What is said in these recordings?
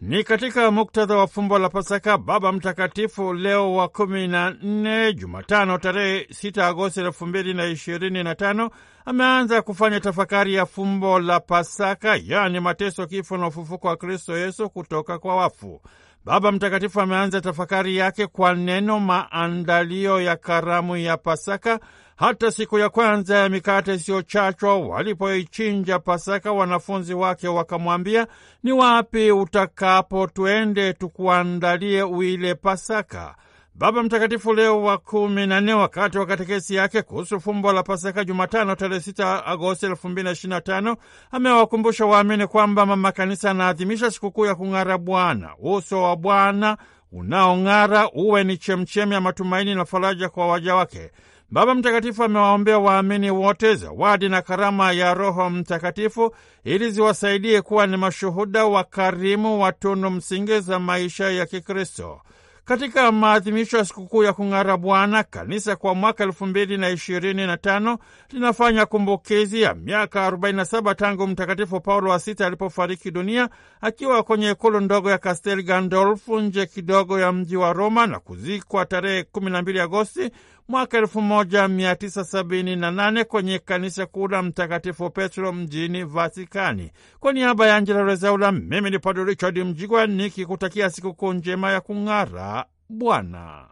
Ni katika muktadha wa fumbo la Pasaka, Baba Mtakatifu Leo wa kumi na nne, Jumatano tarehe 6 Agosti elfu mbili na ishirini na tano ameanza kufanya tafakari ya fumbo la Pasaka, yaani mateso, kifo na ufufuko wa Kristo Yesu kutoka kwa wafu. Baba Mtakatifu ameanza tafakari yake kwa neno maandalio ya karamu ya Pasaka hata siku ya kwanza ya mikate isiyochachwa walipoichinja Pasaka, wanafunzi wake wakamwambia, ni wapi utakapo twende tukuandalie uile Pasaka? Baba Mtakatifu Leo wa kumi na nne wakati wa katekesi yake kuhusu fumbo la Pasaka Jumatano tarehe sita Agosti elfu mbili na na tano amewakumbusha waamini kwamba Mama Kanisa anaadhimisha sikukuu ya kung'ara Bwana. Uso wa Bwana unaong'ara uwe ni chemchemi ya matumaini na faraja kwa waja wake. Baba Mtakatifu amewaombea waamini wote zawadi na karama ya Roho Mtakatifu ili ziwasaidie kuwa ni mashuhuda wakarimu wa tunu msingi za maisha ya Kikristo. Katika maadhimisho ya sikukuu ya kung'ara Bwana, kanisa kwa mwaka elfu mbili na ishirini na tano linafanya kumbukizi ya miaka 47 tangu Mtakatifu Paulo wa Sita alipofariki dunia akiwa kwenye ikulu ndogo ya Kastel Gandolfu nje kidogo ya mji wa Roma na kuzikwa tarehe 12 Agosti mwaka 1978 kwenye kanisa kuu la Mtakatifu Petro mjini Vatikani. Kwa niaba ya Angela Rezaula, mimi ni Padre Richard Mjigwa nikikutakia sikukuu njema ya kung'ara Bwana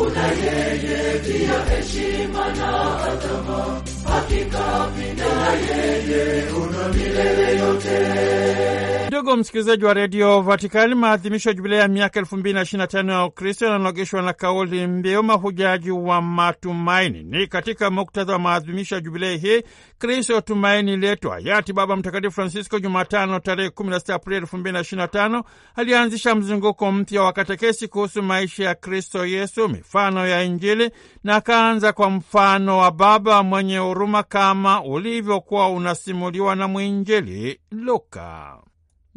kuna yeye pia heshima na adhama, hakika yeye una milele yote. Ndugu msikilizaji wa redio Vatikani, maadhimisho ya jubilei ya miaka elfu mbili na ishirini na tano ya Ukristo yananogeshwa na kauli mbiu mahujaji wa matumaini. Ni katika muktadha wa maadhimisho ya jubilei hii Kristo tumaini letu, hayati Baba Mtakatifu Francisco Jumatano tarehe kumi na sita Aprili elfu mbili na ishirini na tano alianzisha mzunguko mpya wa katekesi kuhusu maisha ya Kristo Yesu mifano ya Injili na akaanza kwa mfano wa baba mwenye huruma kama ulivyokuwa unasimuliwa na mwinjili Luka.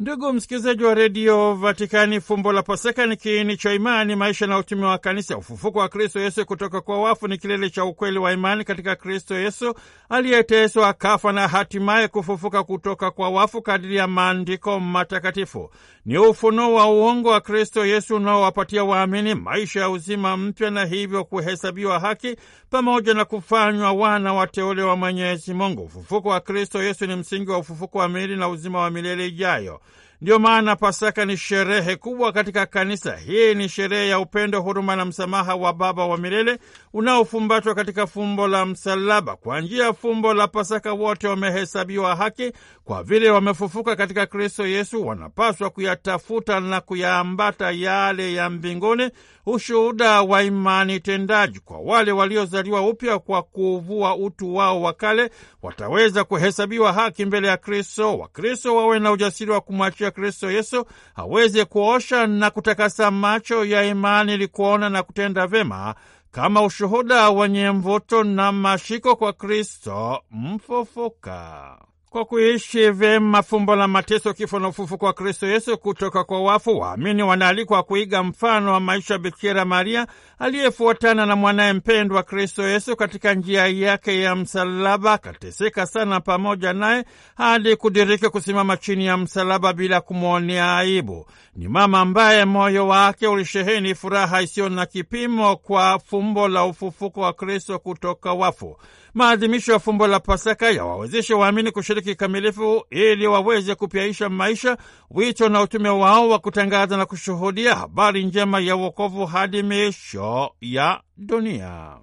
Ndugu msikilizaji wa redio Vatikani, fumbo la Paseka ni kiini cha imani, maisha na utume wa Kanisa. Ufufuko wa Kristo Yesu kutoka kwa wafu ni kilele cha ukweli wa imani katika Kristo Yesu aliyeteswa, akafa na hatimaye kufufuka kutoka kwa wafu, kadiri ya maandiko matakatifu. Ni ufunuo wa uongo wa Kristo Yesu unaowapatia waamini maisha ya uzima mpya, na hivyo kuhesabiwa haki pamoja na kufanywa wana wateule wa Mwenyezi Mungu. Ufufuko wa Kristo Yesu ni msingi wa ufufuko wa miili na uzima wa milele ijayo. Ndiyo maana Pasaka ni sherehe kubwa katika Kanisa. Hii ni sherehe ya upendo, huruma na msamaha wa Baba wa milele unaofumbatwa katika fumbo la msalaba. Kwa njia ya fumbo la Pasaka, wote wamehesabiwa haki kwa vile wamefufuka katika Kristo Yesu. Wanapaswa kuyatafuta na kuyaambata yale ya mbinguni, ushuhuda wa imani tendaji. Kwa wale waliozaliwa upya kwa kuvua utu wao wa kale, wataweza kuhesabiwa haki mbele ya Kristo. Wakristo wawe na ujasiri wa kumwachia Kristo Yesu aweze kuosha na kutakasa macho ya imani ili kuona na kutenda vyema kama ushuhuda wenye mvuto na mashiko kwa Kristo mfufuka kwa kuishi vyema fumbo la mateso, kifo na ufufuko wa Kristo Yesu kutoka kwa wafu, waamini wanaalikwa kuiga mfano wa maisha Bikira Maria aliyefuatana na mwanaye mpendwa Kristo Yesu katika njia yake ya msalaba, akateseka sana pamoja naye hadi kudiriki kusimama chini ya msalaba bila kumwonea aibu. Ni mama ambaye moyo wake ulisheheni furaha isiyo na kipimo kwa fumbo la ufufuko wa Kristo kutoka wafu maadhimisho ya fumbo la Pasaka yawawezeshe waamini kushiriki kikamilifu ili waweze kupyaisha maisha, wito na utume wao wa kutangaza na kushuhudia habari njema ya wokovu hadi miisho ya dunia.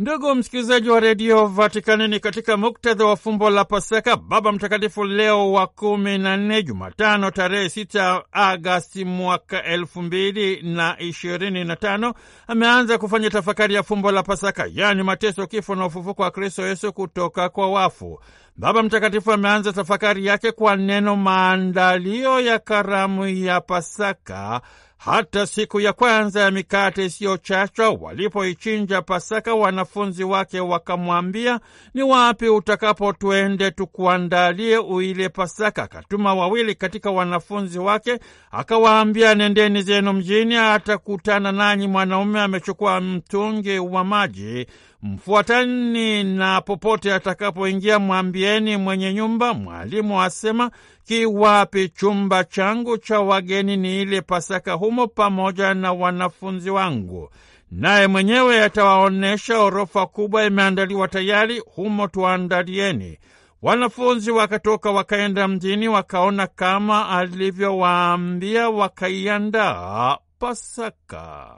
Ndugu msikilizaji wa redio Vatikani, ni katika muktadha wa fumbo la Pasaka, Baba Mtakatifu Leo wa kumi na nne, Jumatano tarehe sita Agasti mwaka elfu mbili na ishirini na tano ameanza kufanya tafakari ya fumbo la Pasaka, yaani mateso, kifo na ufufuko wa Kristo Yesu kutoka kwa wafu. Baba Mtakatifu ameanza tafakari yake kwa neno maandalio ya karamu ya Pasaka hata siku ya kwanza ya mikate isiyochachwa walipoichinja Pasaka, wanafunzi wake wakamwambia, ni wapi utakapo twende tukuandalie uile Pasaka? Akatuma wawili katika wanafunzi wake, akawaambia, nendeni zenu mjini, atakutana nanyi mwanaume amechukua mtungi wa maji Mfuatani na popote atakapoingia mwambieni mwenye nyumba, mwalimu asema, kiwapi chumba changu cha wageni, ni ile Pasaka humo pamoja na wanafunzi wangu. Naye mwenyewe atawaonyesha orofa kubwa imeandaliwa tayari, humo tuandalieni. Wanafunzi wakatoka wakaenda mjini, wakaona kama alivyowaambia, wakaiandaa Pasaka.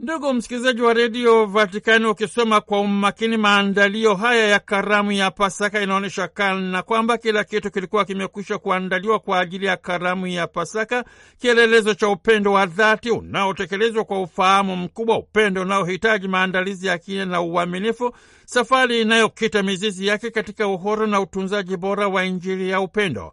Ndugu msikilizaji wa redio Vatikani, ukisoma kwa umakini maandalio haya ya karamu ya Pasaka inaonyesha kana kwamba kila kitu kilikuwa kimekwisha kuandaliwa kwa ajili ya karamu ya Pasaka, kielelezo cha upendo wa dhati unaotekelezwa kwa ufahamu mkubwa, upendo unaohitaji maandalizi ya kina na uaminifu, safari inayokita mizizi yake katika uhoro na utunzaji bora wa Injili ya upendo.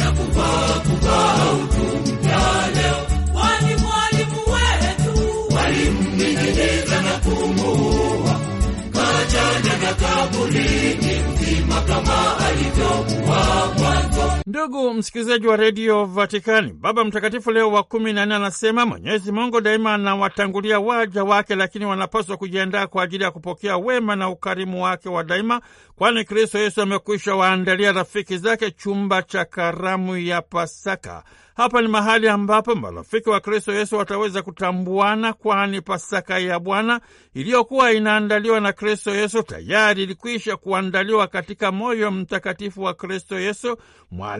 people. Ndugu msikilizaji wa redio Vatikani, Baba Mtakatifu Leo wa kumi na nne anasema Mwenyezi Mungu daima anawatangulia waja wake, lakini wanapaswa kujiandaa kwa ajili ya kupokea wema na ukarimu wake wa daima, kwani Kristo Yesu amekwisha waandalia rafiki zake chumba cha karamu ya Pasaka. Hapa ni mahali ambapo marafiki wa Kristo Yesu wataweza kutambuana, kwani Pasaka ya Bwana iliyokuwa inaandaliwa na Kristo Yesu tayari ilikwisha kuandaliwa katika moyo mtakatifu wa Kristo Yesu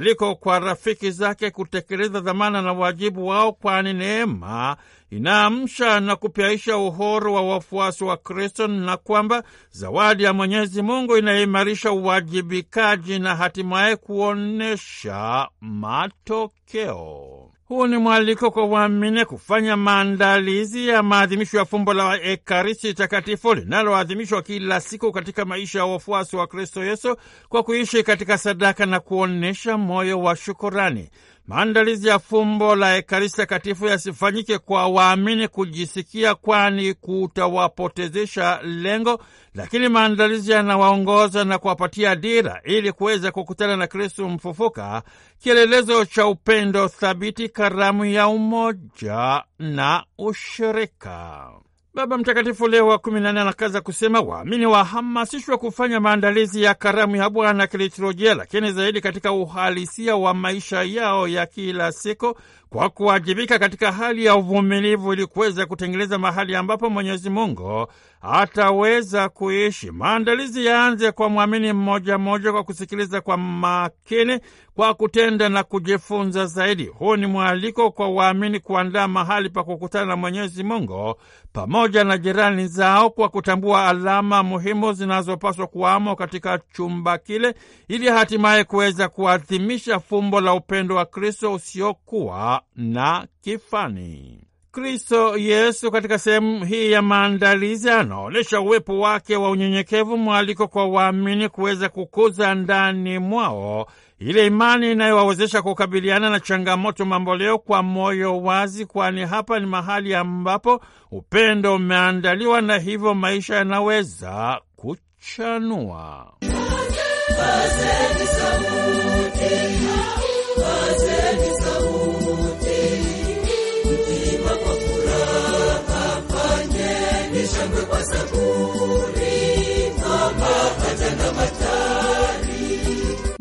Mwaliko kwa rafiki zake kutekeleza dhamana na wajibu wao, kwani neema inaamsha na kupyaisha uhuru wa wafuasi wa Kristo, na kwamba zawadi ya Mwenyezi Mungu inaimarisha uwajibikaji na hatimaye kuonyesha matokeo. Huu ni mwaliko kwa waamini kufanya maandalizi ya maadhimisho ya fumbo la Ekaristi Takatifu linaloadhimishwa kila siku katika maisha ya wafuasi wa Kristo Yesu kwa kuishi katika sadaka na kuonyesha moyo wa shukurani maandalizi ya fumbo la Ekaristi Takatifu yasifanyike kwa waamini kujisikia, kwani kutawapotezesha lengo, lakini maandalizi yanawaongoza na kuwapatia dira ili kuweza kukutana na Kristu mfufuka, kielelezo cha upendo thabiti, karamu ya umoja na ushirika. Baba Mtakatifu Leo wa kumi anakaza kusema waamini wahamasishwe kufanya maandalizi ya karamu ya Bwana kiliturujia, lakini zaidi katika uhalisia wa maisha yao ya kila siku, kwa kuwajibika katika hali ya uvumilivu, ili kuweza kutengeneza mahali ambapo Mwenyezi Mungu ataweza kuishi. Maandalizi yaanze kwa mwamini mmoja mmoja, kwa kusikiliza kwa makini, kwa kutenda na kujifunza zaidi. Huu ni mwaliko kwa waamini kuandaa mahali pa kukutana na Mwenyezi Mungu pamoja pamoja na jirani zao kwa kutambua alama muhimu zinazopaswa kuwamo katika chumba kile ili hatimaye kuweza kuadhimisha fumbo la upendo wa Kristo usiokuwa na kifani. Kristo Yesu katika sehemu hii ya maandalizi anaonyesha uwepo wake wa unyenyekevu, mwaliko kwa waamini kuweza kukuza ndani mwao ile imani inayowawezesha kukabiliana na changamoto mamboleo kwa moyo wazi, kwani hapa ni mahali ambapo upendo umeandaliwa na hivyo maisha yanaweza kuchanua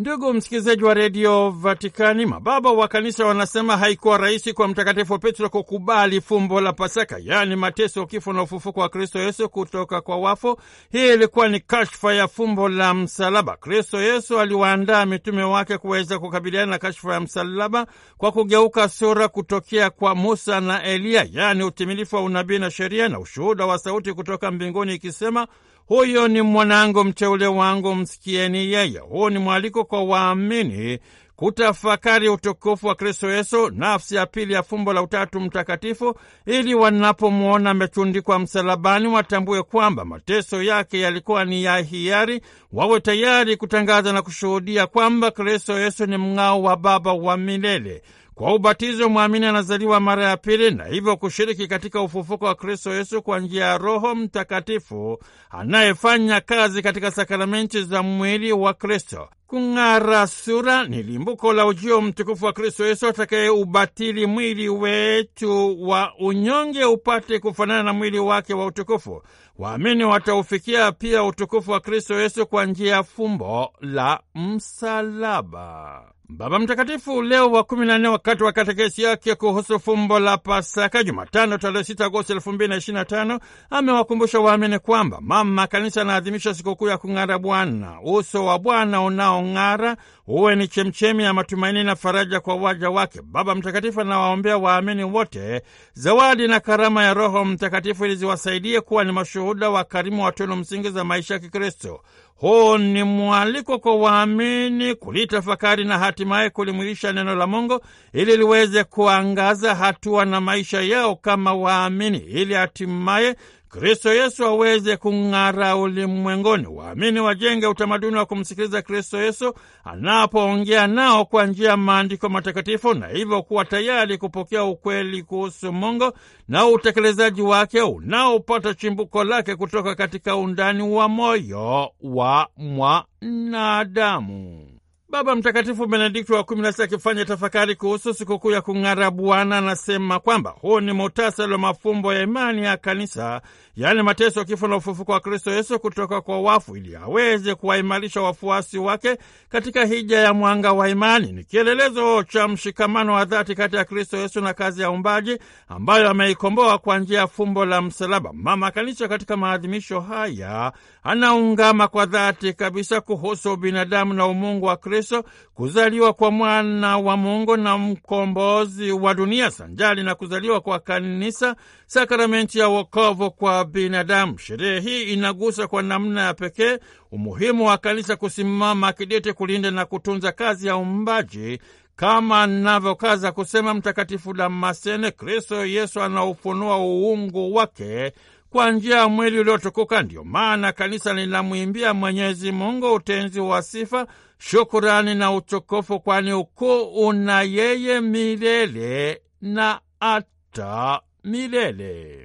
Ndugu msikilizaji wa redio Vatikani, mababa wa kanisa wanasema haikuwa rahisi kwa Mtakatifu Petro kukubali fumbo la Pasaka, yaani mateso, kifo na ufufuko wa Kristo Yesu kutoka kwa wafu. Hii ilikuwa ni kashfa ya fumbo la msalaba. Kristo Yesu aliwaandaa mitume wake kuweza kukabiliana na kashfa ya msalaba kwa kugeuka sura kutokea kwa Musa na Eliya, yaani utimilifu wa unabii na sheria na ushuhuda wa sauti kutoka mbinguni ikisema huyu ni mwanangu mteule wangu, msikieni yeye. Huu ni mwaliko kwa waamini kutafakari utukufu wa Kristo Yesu, nafsi ya pili ya fumbo la Utatu Mtakatifu, ili wanapomwona ametundikwa msalabani watambue kwamba mateso yake yalikuwa ni ya hiari, wawe tayari kutangaza na kushuhudia kwamba Kristo Yesu ni mng'ao wa Baba wa milele. Kwa ubatizo mwamini anazaliwa mara ya pili na hivyo kushiriki katika ufufuko wa Kristo Yesu kwa njia ya Roho Mtakatifu anayefanya kazi katika sakramenti za mwili wa Kristo. Kung'ara sura ni limbuko la ujio mtukufu wa Kristo Yesu atakayeubatili mwili wetu wa unyonge upate kufanana na mwili wake wa utukufu. Waamini wataufikia pia utukufu wa Kristo Yesu kwa njia ya fumbo la msalaba. Baba Mtakatifu Leo wa kumi wakati wa katekesi yake kuhusu fumbo la Pasaka Jumatano tarehe sita Agosti elfu mbili na na tano amewakumbusha waamini kwamba mama kanisa anaadhimisha sikukuu ya kung'ara Bwana. Uso wa Bwana unaong'ara uwe ni chemchemi ya matumaini na faraja kwa waja wake. Baba Mtakatifu anawaombea waamini wote zawadi na karama ya Roho Mtakatifu ili ziwasaidie kuwa ni mashuhuda wa karimu wa tunu msingi za maisha ya Kikristo. Huu ni mwaliko kwa waamini kulitafakari na hatimaye kulimwilisha neno la Mungu ili liweze kuangaza hatua na maisha yao kama waamini, ili hatimaye Kristo Yesu aweze kung'ara ulimwengoni. Waamini wajenge utamaduni wa kumsikiliza Kristo Yesu anapoongea nao kwa njia ya maandiko matakatifu, na hivyo kuwa tayari kupokea ukweli kuhusu Mungu na utekelezaji wake unaopata chimbuko lake kutoka katika undani wa moyo wa mwanadamu. Baba Mtakatifu Benedikto wa kumi na sita akifanya tafakari kuhusu sikukuu ya kung'ara Bwana anasema kwamba huu ni muhtasari wa mafumbo ya imani ya Kanisa, yaani mateso, kifo na ufufuko wa Kristo Yesu kutoka kwa wafu, ili aweze kuwaimarisha wafuasi wake katika hija ya mwanga wa imani. Ni kielelezo cha mshikamano wa dhati kati ya Kristo Yesu na kazi ya umbaji ambayo ameikomboa kwa njia ya fumbo la msalaba. Mama Kanisa katika maadhimisho haya anaungama kwa dhati kabisa kuhusu binadamu na umungu wa Kristo Kristo, kuzaliwa kwa mwana wa Mungu na mkombozi wa dunia, sanjali na kuzaliwa kwa kanisa, sakramenti ya wokovu kwa binadamu. Sherehe hii inagusa kwa namna ya pekee umuhimu wa kanisa kusimama kidete kulinda na kutunza kazi ya umbaji kama navyokaza kusema Mtakatifu Damasene, Kristo Yesu anaufunua uungu wake kwa njia ya mwili uliotukuka. Ndiyo maana kanisa linamwimbia Mwenyezi Mungu utenzi wa sifa, shukurani na utukufu, kwani ukuu una yeye milele na hata milele.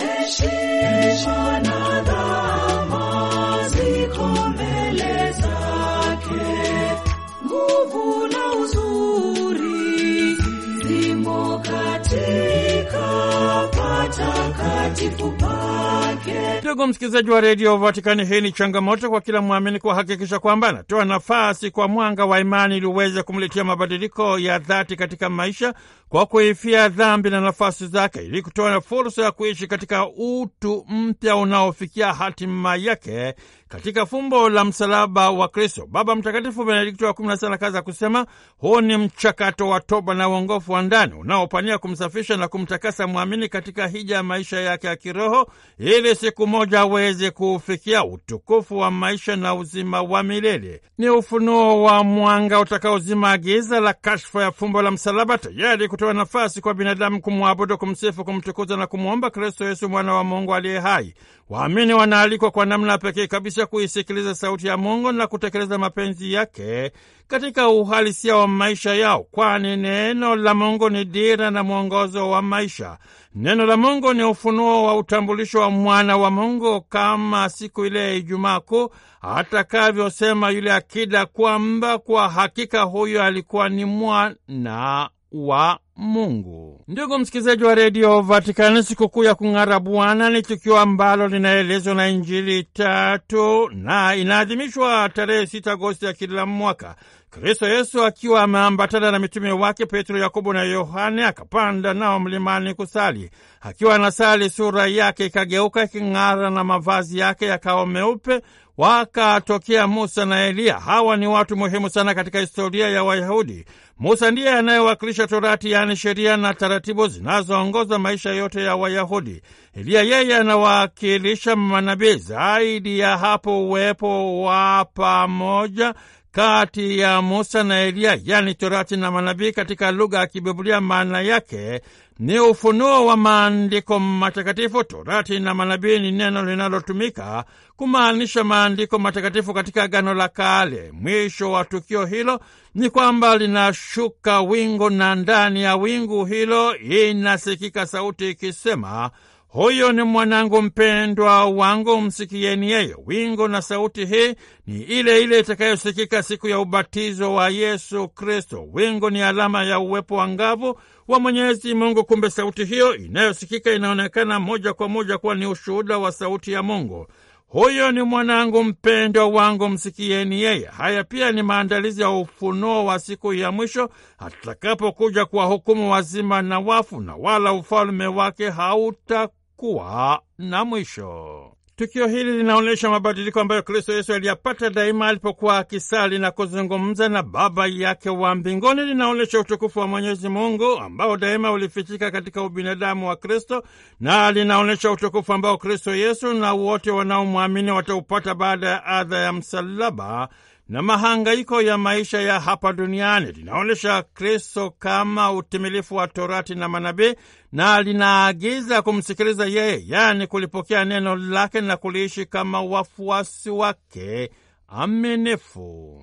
patakatifu pake. Ndugu msikilizaji wa redio Vatikani, hii ni changamoto kwa kila mwamini kuhakikisha kwamba anatoa nafasi kwa mwanga wa imani ili uweze kumletea mabadiliko ya dhati katika maisha kwa kuifia dhambi na nafasi zake ili kutoa fursa ya kuishi katika utu mpya unaofikia hatima yake katika fumbo la msalaba wa Kristo. Baba Mtakatifu Benedikto wa kumi na sita kaza kusema huu ni mchakato wa toba na uongofu wa ndani unaopania kumsafisha na kumtakasa mwamini katika hija ya maisha yake ya kiroho, ili siku moja aweze kuufikia utukufu wa maisha na uzima wa milele. Ni ufunuo wa mwanga utakaozima giza la kashfa ya fumbo la msalaba, tayari kutoa kutoa nafasi kwa binadamu kumwabudu, kumsifu, kumtukuza na kumwomba Kristo Yesu mwana wa Mungu aliye hai. Waamini wanaalikwa kwa namna pekee kabisa kuisikiliza sauti ya Mungu na kutekeleza mapenzi yake katika uhalisia wa maisha yao, kwani neno la Mungu ni dira na mwongozo wa maisha. Neno la Mungu ni ufunuo wa utambulisho wa mwana wa Mungu, kama siku ile ya Ijumaa Kuu atakavyosema yule akida kwamba kwa hakika huyo alikuwa ni mwana wa Mungu. Ndugu msikilizaji wa redio Vatikani, sikukuu ya kung'ara Bwana ni tukio ambalo linaelezwa na Injili tatu na inaadhimishwa tarehe sita Agosti ya kila mwaka. Kristo Yesu akiwa ameambatana na mitume wake Petro, Yakobo na Yohane akapanda nao mlimani kusali. Akiwa anasali, sura yake ikageuka iking'ara na mavazi yake yakawa meupe wakatokea Musa na Eliya. Hawa ni watu muhimu sana katika historia ya Wayahudi. Musa ndiye anayewakilisha Torati, yaani sheria na taratibu zinazoongoza maisha yote ya Wayahudi. Eliya yeye anawakilisha manabii. Zaidi ya hapo, uwepo wa pamoja kati ya Musa na Eliya, yani Torati na manabii, katika lugha ya Kibibulia maana yake ni ufunuo wa maandiko matakatifu. Torati na manabii ni neno linalotumika kumaanisha maandiko matakatifu katika Agano la Kale. Mwisho wa tukio hilo ni kwamba linashuka wingu, na ndani ya wingu hilo inasikika sauti ikisema Huyu ni mwanangu mpendwa wangu, msikieni yeye. Wingo na sauti hii ni ile ile itakayosikika siku ya ubatizo wa Yesu Kristo. Wingo ni alama ya uwepo wa ngavu wa Mwenyezi Mungu. Kumbe sauti hiyo inayosikika inaonekana moja kwa moja kuwa ni ushuhuda wa sauti ya Mungu. Huyo ni mwanangu mpendwa wangu, msikieni yeye. Haya pia ni maandalizi ya ufunuo wa siku ya mwisho atakapokuja kuwahukumu wazima na wafu, na wala ufalme wake hauta kuwa na mwisho. Tukio hili linaonyesha mabadiliko ambayo Kristo Yesu aliyapata daima alipokuwa akisali na kuzungumza na Baba yake wa mbinguni. Linaonyesha utukufu wa Mwenyezi Mungu ambao daima ulifichika katika ubinadamu wa Kristo, na linaonyesha utukufu ambao Kristo Yesu na wote wanaomwamini wataupata baada ya adha ya msalaba na mahangaiko ya maisha ya hapa duniani. Linaonyesha Kristo kama utimilifu wa Torati na manabii, na linaagiza kumsikiliza yeye, yaani kulipokea neno lake na kuliishi kama wafuasi wake aminifu.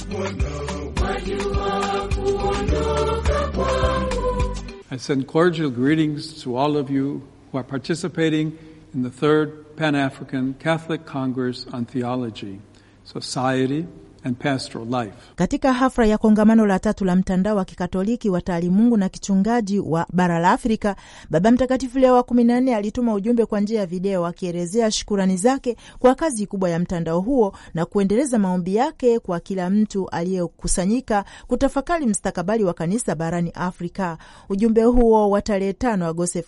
I send cordial greetings to all of you who are participating in the third Pan-African Catholic Congress on Theology, Society, and pastoral life. Katika hafla ya kongamano la tatu la mtandao wa kikatoliki wa taalimungu na kichungaji wa bara la Afrika, Baba Mtakatifu Leo wa kumi na nne alituma ujumbe kwa njia ya video akielezea shukurani zake kwa kazi kubwa ya mtandao huo na kuendeleza maombi yake kwa kila mtu aliyekusanyika kutafakari mstakabali wa kanisa barani Afrika. Ujumbe huo wa tarehe 5 Agosti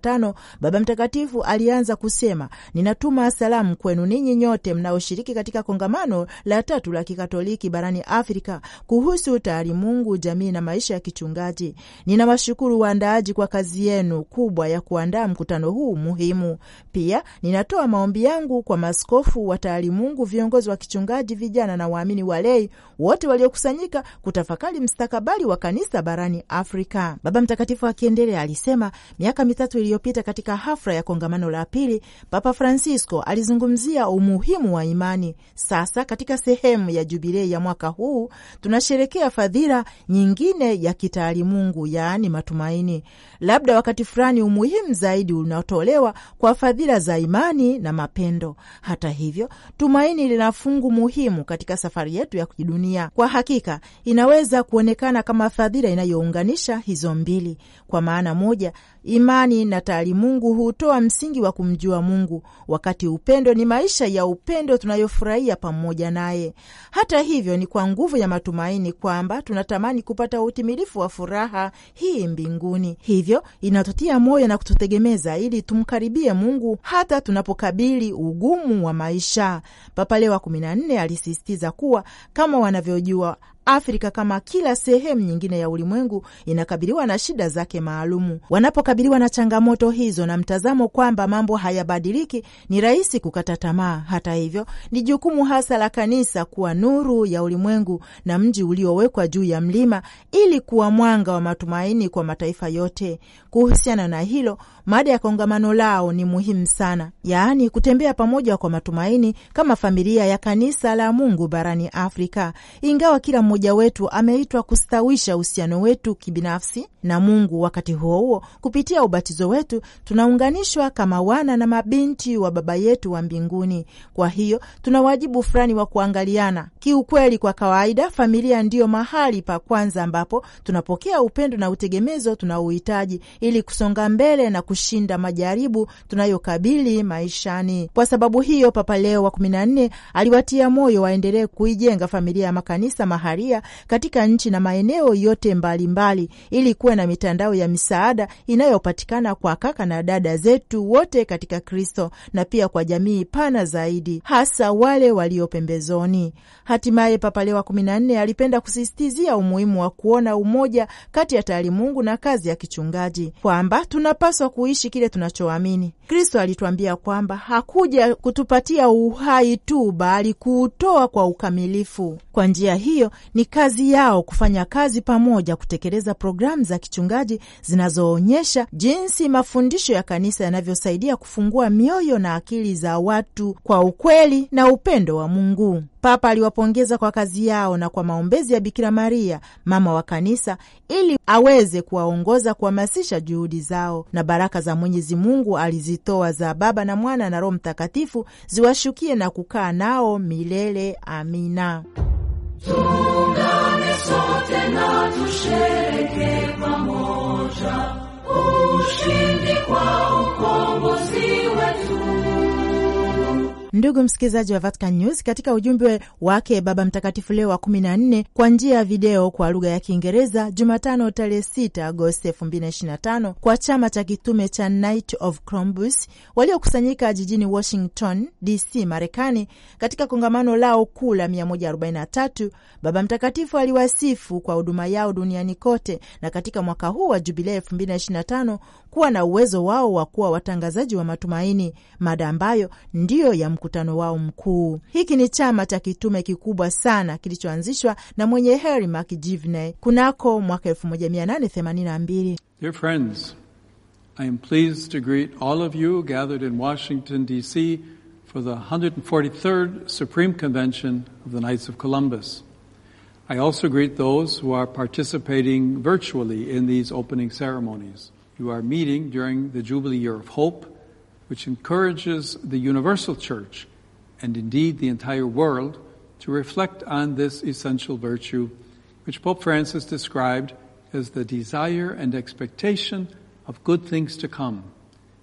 tano Baba Mtakatifu alianza kusema, ninatuma salamu kwenu ninyi nyote mnaoshiriki katika kongamano la tatu la la Kikatoliki barani Afrika kuhusu mungu jamii na maisha ya kichungaji. Ninawashukuru waandaaji kwa kazi yenu kubwa ya kuandaa mkutano huu muhimu. Pia ninatoa maombi yangu kwa maskofu tayari mungu viongozi wa kichungaji, vijana na waamini walei wote waliokusanyika kutafakari mstakabali wa kanisa barani Afrika. Baba Mtakatifu akiendelea alisema, miaka mitatu iliyopita katika hafla ya kongamano la pili, Papa Francisco alizungumzia umuhimu wa imani sasa katika sehemu ya jubilei ya mwaka huu tunasherekea fadhila nyingine ya kitaalimungu, yaani matumaini. Labda wakati fulani umuhimu zaidi unatolewa kwa fadhila za imani na mapendo. Hata hivyo, tumaini lina fungu muhimu katika safari yetu ya kidunia. Kwa hakika, inaweza kuonekana kama fadhila inayounganisha hizo mbili kwa maana moja Imani na tayari mungu hutoa msingi wa kumjua Mungu, wakati upendo ni maisha ya upendo tunayofurahia pamoja naye. Hata hivyo, ni kwa nguvu ya matumaini kwamba tunatamani kupata utimilifu wa furaha hii mbinguni. Hivyo inatutia moyo na kututegemeza ili tumkaribie Mungu hata tunapokabili ugumu wa maisha. Papa Leo wa kumi na nne alisisitiza kuwa kama wanavyojua Afrika kama kila sehemu nyingine ya ulimwengu inakabiliwa na shida zake maalumu. Wanapokabiliwa na changamoto hizo na mtazamo kwamba mambo hayabadiliki, ni rahisi kukata tamaa. Hata hivyo, ni jukumu hasa la kanisa kuwa nuru ya ulimwengu na mji uliowekwa juu ya mlima ili kuwa mwanga wa matumaini kwa mataifa yote. Kuhusiana na hilo, mada ya kongamano lao ni muhimu sana, yaani kutembea pamoja kwa matumaini kama familia ya kanisa la Mungu barani Afrika, ingawa kila mmoja wetu ameitwa kustawisha uhusiano wetu kibinafsi na Mungu. Wakati huo huo, kupitia ubatizo wetu tunaunganishwa kama wana na mabinti wa Baba yetu wa mbinguni. Kwa hiyo tuna wajibu fulani wa kuangaliana. Kiukweli, kwa kawaida familia ndiyo mahali pa kwanza ambapo tunapokea upendo na utegemezo tunaohitaji ili kusonga mbele na kushinda majaribu tunayokabili maishani. Kwa sababu hiyo, Papa Leo wa kumi na nne aliwatia moyo waendelee kuijenga familia ya makanisa mahali Maria katika nchi na maeneo yote mbalimbali mbali, ili kuwe na mitandao ya misaada inayopatikana kwa kaka na dada zetu wote katika Kristo na pia kwa jamii pana zaidi, hasa wale walio pembezoni. Hatimaye Papa Leo wa kumi na nne alipenda kusisitizia umuhimu wa kuona umoja kati ya taalimungu na kazi ya kichungaji, kwamba tunapaswa kuishi kile tunachoamini. Kristo alitwambia kwamba hakuja kutupatia uhai tu, bali kuutoa kwa ukamilifu. Kwa njia hiyo ni kazi yao kufanya kazi pamoja kutekeleza programu za kichungaji zinazoonyesha jinsi mafundisho ya kanisa yanavyosaidia kufungua mioyo na akili za watu kwa ukweli na upendo wa Mungu. Papa aliwapongeza kwa kazi yao na kwa maombezi ya Bikira Maria, mama wa kanisa, ili aweze kuwaongoza kuhamasisha juhudi zao, na baraka za Mwenyezi Mungu alizitoa za Baba na Mwana na Roho Mtakatifu ziwashukie na kukaa nao milele. Amina. Tuungane sote na tushereke pamoja ushindi kwa ukombozi. Ndugu msikilizaji wa Vatican News, katika ujumbe wake Baba Mtakatifu Leo wa 14 kwa njia ya video kwa lugha ya Kiingereza Jumatano tarehe 6 Agosti 2025 kwa chama cha kitume cha Knights of Columbus waliokusanyika jijini Washington DC, Marekani, katika kongamano lao kuu la 143, Baba Mtakatifu aliwasifu kwa huduma yao duniani kote na katika mwaka huu wa Jubilei 2025 kuwa na uwezo wao wa kuwa watangazaji wa matumaini, mada ambayo ndiyo ya mkutano wao mkuu. Hiki ni chama cha kitume kikubwa sana kilichoanzishwa na mwenye heri Makjivne kunako mwaka 1882. Dear friends, I am pleased to greet all of you gathered in Washington DC for the 143rd Supreme Convention of the Knights of Columbus. I also greet those who are participating virtually in these opening ceremonies. You are meeting during the Jubilee Year of Hope which encourages the universal church and indeed the entire world to reflect on this essential virtue, which Pope Francis described as the desire and expectation of good things to come,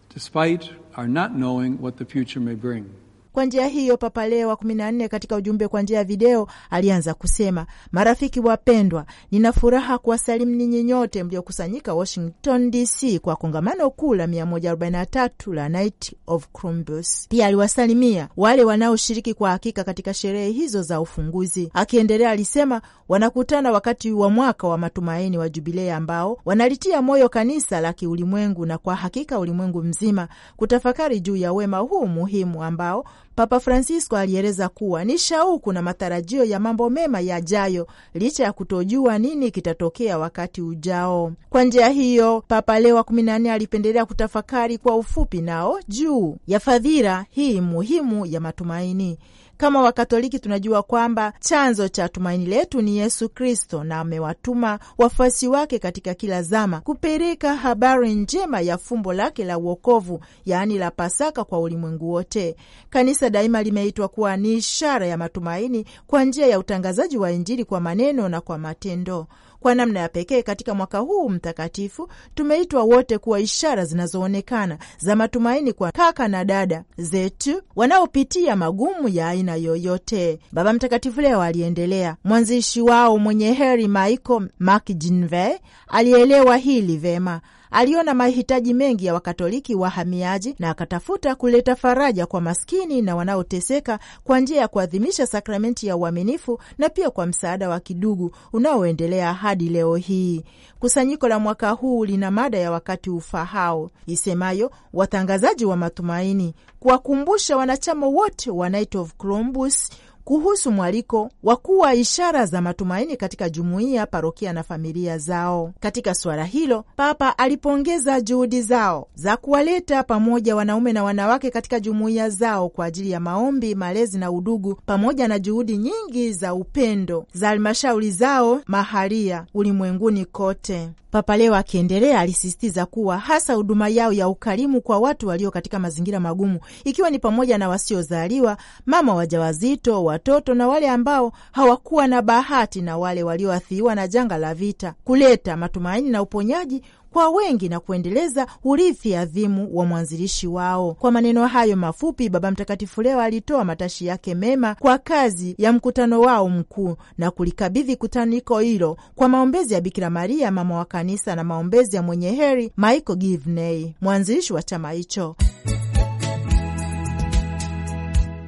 despite our not knowing what the future may bring. Kwa njia hiyo, Papa Leo wa kumi na nne katika ujumbe kwa njia ya video alianza kusema, marafiki wapendwa, nina furaha kuwasalimu ninyi nyote mliokusanyika Washington DC kwa kongamano kuu la 143 la Night of Columbus. Pia aliwasalimia wale wanaoshiriki kwa hakika katika sherehe hizo za ufunguzi. Akiendelea alisema, wanakutana wakati wa mwaka wa matumaini wa Jubilei ambao wanalitia moyo kanisa la kiulimwengu na kwa hakika ulimwengu mzima kutafakari juu ya wema huu muhimu ambao Papa Francisco alieleza kuwa ni shauku na matarajio ya mambo mema yajayo licha ya kutojua nini kitatokea wakati ujao. Kwa njia hiyo, Papa Leo wa alipendelea kutafakari kwa ufupi nao juu ya fadhila hii muhimu ya matumaini. Kama Wakatoliki tunajua kwamba chanzo cha tumaini letu ni Yesu Kristo, na amewatuma wafuasi wake katika kila zama kupeleka habari njema ya fumbo lake la uokovu, yaani la Pasaka, kwa ulimwengu wote. Kanisa daima limeitwa kuwa ni ishara ya matumaini kwa njia ya utangazaji wa Injili kwa maneno na kwa matendo. Kwa namna ya pekee katika mwaka huu mtakatifu, tumeitwa wote kuwa ishara zinazoonekana za matumaini kwa kaka na dada zetu wanaopitia magumu ya aina yoyote. Baba Mtakatifu leo aliendelea, mwanzishi wao mwenye heri Michael McGivney alielewa hili vema. Aliona mahitaji mengi ya Wakatoliki wahamiaji na akatafuta kuleta faraja kwa maskini na wanaoteseka kwa njia ya kuadhimisha sakramenti ya uaminifu na pia kwa msaada wa kidugu unaoendelea hadi leo hii. Kusanyiko la mwaka huu lina mada ya wakati ufahao isemayo watangazaji wa matumaini, kuwakumbusha wanachama wote wa Knights of Columbus kuhusu mwaliko wa kuwa ishara za matumaini katika jumuiya, parokia na familia zao. Katika suala hilo, Papa alipongeza juhudi zao za kuwaleta pamoja wanaume na wanawake katika jumuiya zao kwa ajili ya maombi, malezi na udugu, pamoja na juhudi nyingi za upendo za halmashauri zao maharia ulimwenguni kote. Papa Leo akiendelea alisisitiza kuwa hasa huduma yao ya ukarimu kwa watu walio katika mazingira magumu, ikiwa ni pamoja na wasiozaliwa, mama wajawazito wa watoto na wale ambao hawakuwa na bahati na wale walioathiriwa na janga la vita, kuleta matumaini na uponyaji kwa wengi na kuendeleza urithi adhimu wa mwanzilishi wao. Kwa maneno hayo mafupi, Baba Mtakatifu leo alitoa matashi yake mema kwa kazi ya mkutano wao mkuu na kulikabidhi kutaniko hilo kwa maombezi ya Bikira Maria, mama wa Kanisa, na maombezi ya mwenye heri Michael Givney, mwanzilishi wa chama hicho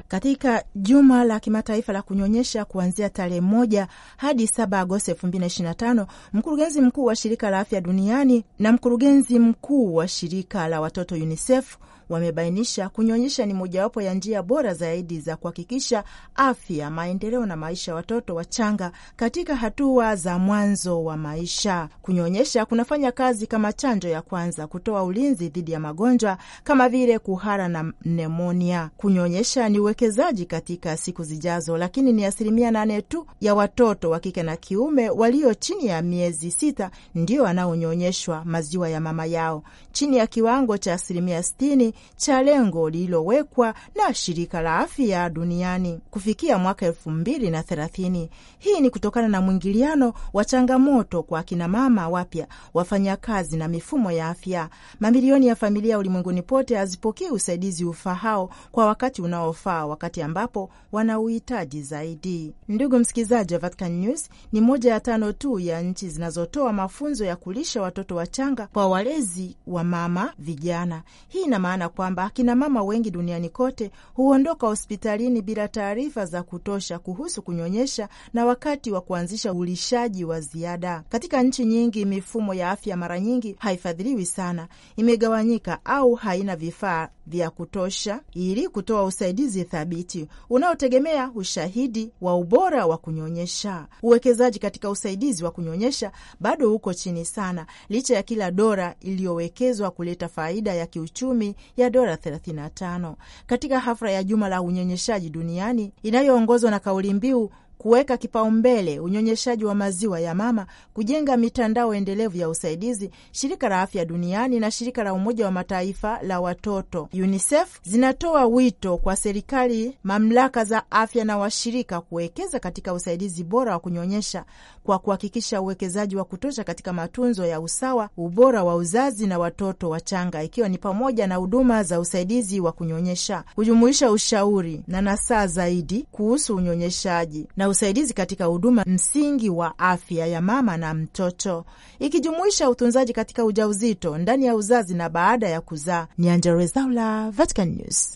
katika juma la kimataifa la kunyonyesha kuanzia tarehe moja hadi saba Agosti elfu mbili na ishirini na tano, mkurugenzi mkuu wa shirika la afya duniani na mkurugenzi mkuu wa shirika la watoto UNICEF wamebainisha kunyonyesha ni mojawapo ya njia bora zaidi za kuhakikisha afya, maendeleo na maisha ya watoto wachanga katika hatua za mwanzo wa maisha. Kunyonyesha kunafanya kazi kama chanjo ya kwanza kutoa ulinzi dhidi ya magonjwa kama vile kuhara na mnemonia Kunyonyesha ni uwekezaji katika siku zijazo, lakini ni asilimia nane tu ya watoto wa kike na kiume walio chini ya miezi sita ndio wanaonyonyeshwa maziwa ya mama yao, chini ya kiwango cha asilimia sitini cha lengo lililowekwa na Shirika la Afya Duniani kufikia mwaka elfu mbili na thelathini. Hii ni kutokana na mwingiliano wa changamoto kwa akinamama wapya, wafanyakazi na mifumo ya afya. Mamilioni ya familia ulimwenguni pote hazipokei usaidizi ufahao kwa wakati unaofaa, wakati ambapo wana uhitaji zaidi. Ndugu msikilizaji wa Vatican News, ni moja ya tano tu ya nchi zinazotoa mafunzo ya kulisha watoto wachanga kwa walezi wa mama vijana. Hii ina maana kwamba kwamba akinamama wengi duniani kote huondoka hospitalini bila taarifa za kutosha kuhusu kunyonyesha na wakati wa kuanzisha ulishaji wa ziada. Katika nchi nyingi, mifumo ya afya mara nyingi haifadhiliwi sana, imegawanyika au haina vifaa vya kutosha ili kutoa usaidizi thabiti unaotegemea ushahidi wa ubora wa kunyonyesha. Uwekezaji katika usaidizi wa kunyonyesha bado uko chini sana, licha ya kila dola iliyowekezwa kuleta faida ya kiuchumi ya dola 35 katika hafla ya juma la unyenyeshaji duniani inayoongozwa na kauli mbiu kuweka kipaumbele unyonyeshaji wa maziwa ya mama, kujenga mitandao endelevu ya usaidizi. Shirika la Afya Duniani na shirika la Umoja wa Mataifa la watoto UNICEF zinatoa wito kwa serikali, mamlaka za afya na washirika kuwekeza katika usaidizi bora wa kunyonyesha kwa kuhakikisha uwekezaji wa kutosha katika matunzo ya usawa, ubora wa uzazi na watoto wachanga, ikiwa ni pamoja na huduma za usaidizi wa kunyonyesha, kujumuisha ushauri na nasaha zaidi kuhusu unyonyeshaji na usaidizi katika huduma msingi wa afya ya mama na mtoto, ikijumuisha utunzaji katika ujauzito, ndani ya uzazi na baada ya kuzaa. Ni Angella Rwezaula, Vatican News.